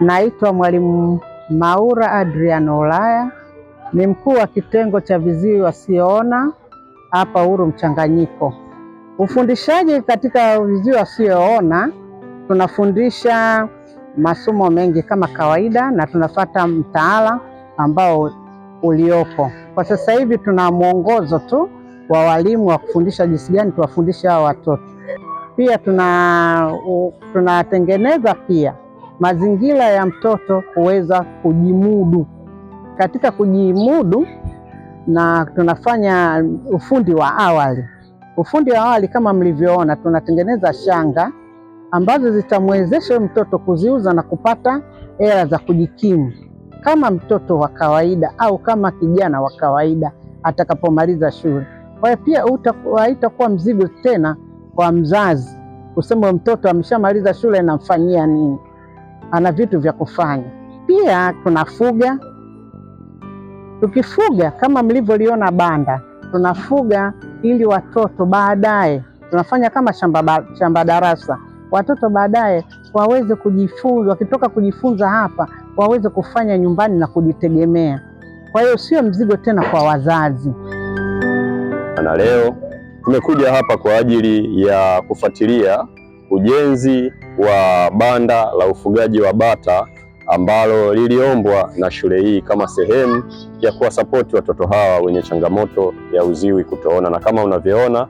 Naitwa Mwalimu Maura adrian Ulaya, ni mkuu wa kitengo cha viziwi wasioona hapa Uru Mchanganyiko. Ufundishaji katika viziwi wasioona, tunafundisha masomo mengi kama kawaida, na tunafata mtaala ambao uliopo kwa sasa hivi. Tuna mwongozo tu wa walimu wa kufundisha jinsi gani tuwafundishe hao watoto. Pia tuna tunatengeneza pia mazingira ya mtoto huweza kujimudu. Katika kujimudu, na tunafanya ufundi wa awali. Ufundi wa awali kama mlivyoona, tunatengeneza shanga ambazo zitamwezesha mtoto kuziuza na kupata hela za kujikimu kama mtoto wa kawaida au kama kijana wa kawaida atakapomaliza shule. Kwa hiyo pia haitakuwa mzigo tena kwa mzazi kusema mtoto ameshamaliza shule namfanyia nini ana vitu vya kufanya. Pia tunafuga, tukifuga kama mlivyoliona banda, tunafuga ili watoto baadaye, tunafanya kama shamba, shamba darasa, watoto baadaye waweze kujifunza, wakitoka kujifunza hapa waweze kufanya nyumbani na kujitegemea. Kwa hiyo sio mzigo tena kwa wazazi. Na leo tumekuja hapa kwa ajili ya kufuatilia ujenzi wa banda la ufugaji wa bata ambalo liliombwa na shule hii kama sehemu ya kuwasapoti watoto hawa wenye changamoto ya uziwi kutoona, na kama unavyoona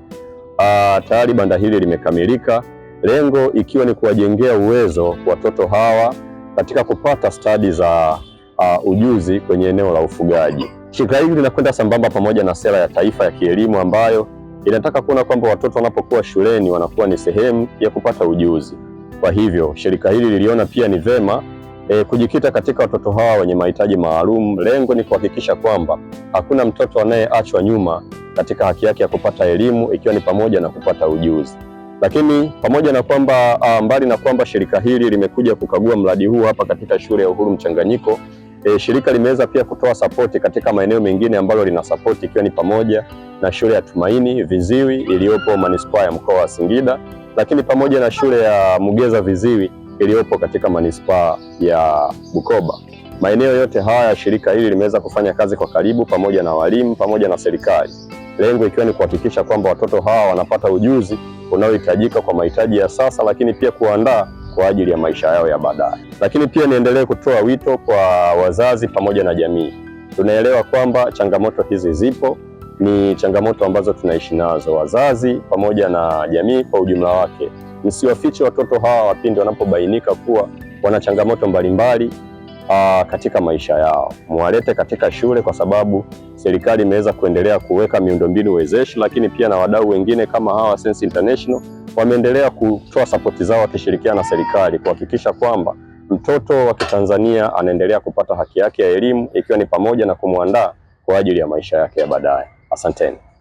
ah, tayari banda hili limekamilika, lengo ikiwa ni kuwajengea uwezo watoto hawa katika kupata stadi za a, ah, ujuzi kwenye eneo la ufugaji. Shirika hili linakwenda sambamba pamoja na sera ya taifa ya kielimu ambayo inataka kuona kwamba watoto wanapokuwa shuleni wanakuwa ni sehemu ya kupata ujuzi. Kwa hivyo shirika hili liliona pia ni vema e, kujikita katika watoto hawa wenye mahitaji maalum. Lengo ni kuhakikisha kwamba hakuna mtoto anayeachwa nyuma katika haki yake ya kupata elimu, ikiwa ni pamoja na kupata ujuzi. Lakini pamoja na kwamba ah, mbali na kwamba shirika hili limekuja kukagua mradi huu hapa katika shule ya Uhuru Mchanganyiko, e, shirika limeweza pia kutoa sapoti katika maeneo mengine ambalo lina sapoti, ikiwa ni pamoja na shule ya Tumaini Viziwi iliyopo manispaa ya mkoa wa Singida lakini pamoja na shule ya Mugeza Viziwi iliyopo katika manispaa ya Bukoba. Maeneo yote haya shirika hili limeweza kufanya kazi kwa karibu pamoja na walimu pamoja na serikali, lengo ikiwa ni kuhakikisha kwamba watoto hawa wanapata ujuzi unaohitajika kwa mahitaji ya sasa, lakini pia kuandaa kwa ajili ya maisha yao ya baadaye. Lakini pia niendelee kutoa wito kwa wazazi pamoja na jamii. Tunaelewa kwamba changamoto hizi zipo ni changamoto ambazo tunaishi nazo wazazi pamoja na jamii kwa ujumla wake. Msiwafiche watoto hawa wapindi wanapobainika kuwa wana changamoto mbalimbali katika maisha yao, mwalete katika shule, kwa sababu serikali imeweza kuendelea kuweka miundombinu wezeshi, lakini pia na wadau wengine kama hawa Sense International wameendelea kutoa sapoti zao wakishirikiana na serikali kuhakikisha kwamba mtoto wa Kitanzania anaendelea kupata haki yake ya elimu ikiwa ni pamoja na kumwandaa kwa ajili ya maisha yake ya baadaye. Asanteni.